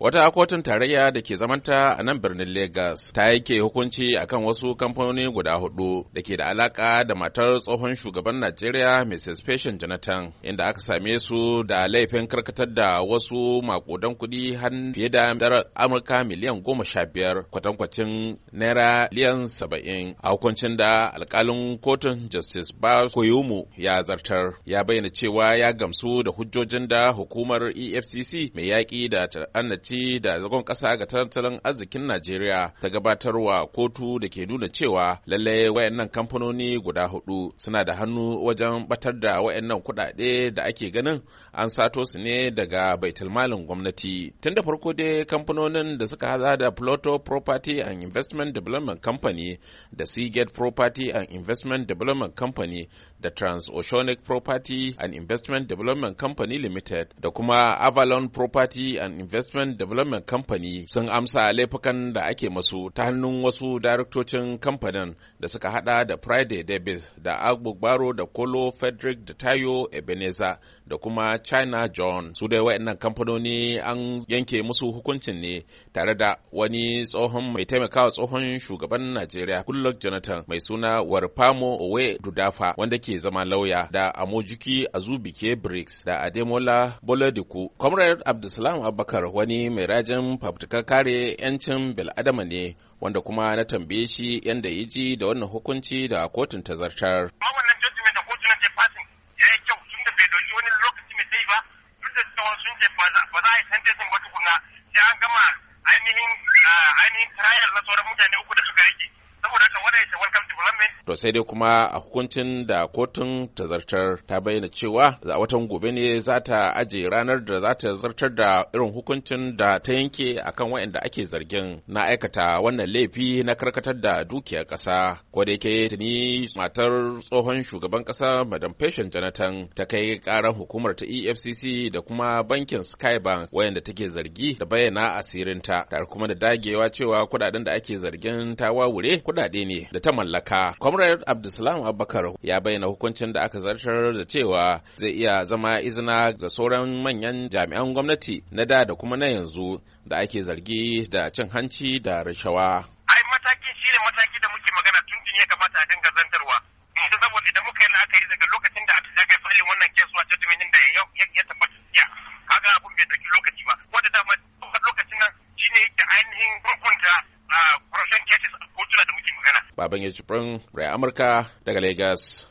Wata kotun tarayya da ke zamanta a nan birnin Legas ta yake hukunci akan wasu kamfanoni guda hudu da ke da alaka da matar tsohon shugaban Najeriya Mrs. Patient Jonathan inda aka same su da laifin karkatar da wasu makudan kuɗi har fiye da Amurka miliyan goma sha biyar kwatankwacin naira miliyan saba'in a hukuncin da alkalin kotun Justice Ba Koyumu ya zartar ya bayyana cewa ya gamsu da hujjojin da hukumar EFCC mai yaƙi da buƙaci da zagon kasa ga tattalin arzikin Najeriya ta gabatarwa kotu da ke nuna cewa lalle wayannan kamfanoni guda hudu suna da hannu wajen batar da wayannan kuɗaɗe da ake ganin an sato su ne daga baitulmalin gwamnati. Tun da farko dai kamfanonin da suka haza da Plato Property and Investment Development Company da Seagate Property and Investment Development Company da Transoceanic Property and Investment Development Company Limited da kuma Avalon Property and Investment Development Company sun amsa laifukan da ake masu ta hannun wasu daraktocin kamfanin da suka hada da Friday Davis da Agbogbaro da Kolo Frederick da Tayo Ebenezer da kuma China John. Su dai waɗannan kamfanoni an yanke musu hukuncin ne tare da wani tsohon mai taimakawa tsohon shugaban Najeriya Kullok Jonathan mai suna Warfamo Owe Dudafa wanda ke zama lauya da Amojiki Azubike Briggs da Ademola Boladiku, Comrade Abdulsalam Abubakar wani mai rajin fafutukar kare 'yancin bil'adama ne wanda kuma na tambaye shi yadda ya ji da wannan hukunci da kotun ta zartar. Wannan judgment da kotun ta fasin ya yi kyau tun da bai dauki wani lokaci mai tsayi ba duk da cewa sun ce ba za a yi sentencing ba tukuna sai an gama ainihin ah, ainihin na sauran mutane uku da suka rage. saboda haka wannan welcome development to sai dai kuma a hukuncin da kotun ta zartar ta bayyana cewa za watan gobe ne za ta aje ranar da za ta zartar da irin hukuncin da ta yanke akan waɗanda ake zargin na aikata wannan laifi na karkatar da dukiyar ƙasa ko da yake tuni matar tsohon shugaban ƙasa madam Patient Jonathan ta kai ƙarar hukumar ta EFCC da kuma bankin Skybank wayanda take zargi da bayyana asirinta tare kuma da dagewa cewa kuɗaɗen da ake zargin ta wawure kuɗaɗe ne da ta mallaka. Comrade Abdulsalam Abubakar ya bayyana hukuncin da aka zartar da cewa zai iya zama izina ga sauran manyan jami'an gwamnati na da da kuma na yanzu da ake zargi da cin hanci da rashawa. Ai mataki shi ne mataki da muke magana tun ya kamata a dinga zantarwa. Yanzu saboda idan muka yi la'akari daga lokacin da aka kai fali wannan kesuwa ta tumenin da ya tabbata ya kaga abun bai ɗauki lokaci ba. Wanda dama lokacin nan shi ne yake ainihin hukunta kurashen ah, cases baban ya jibrin rai amurka daga Legas.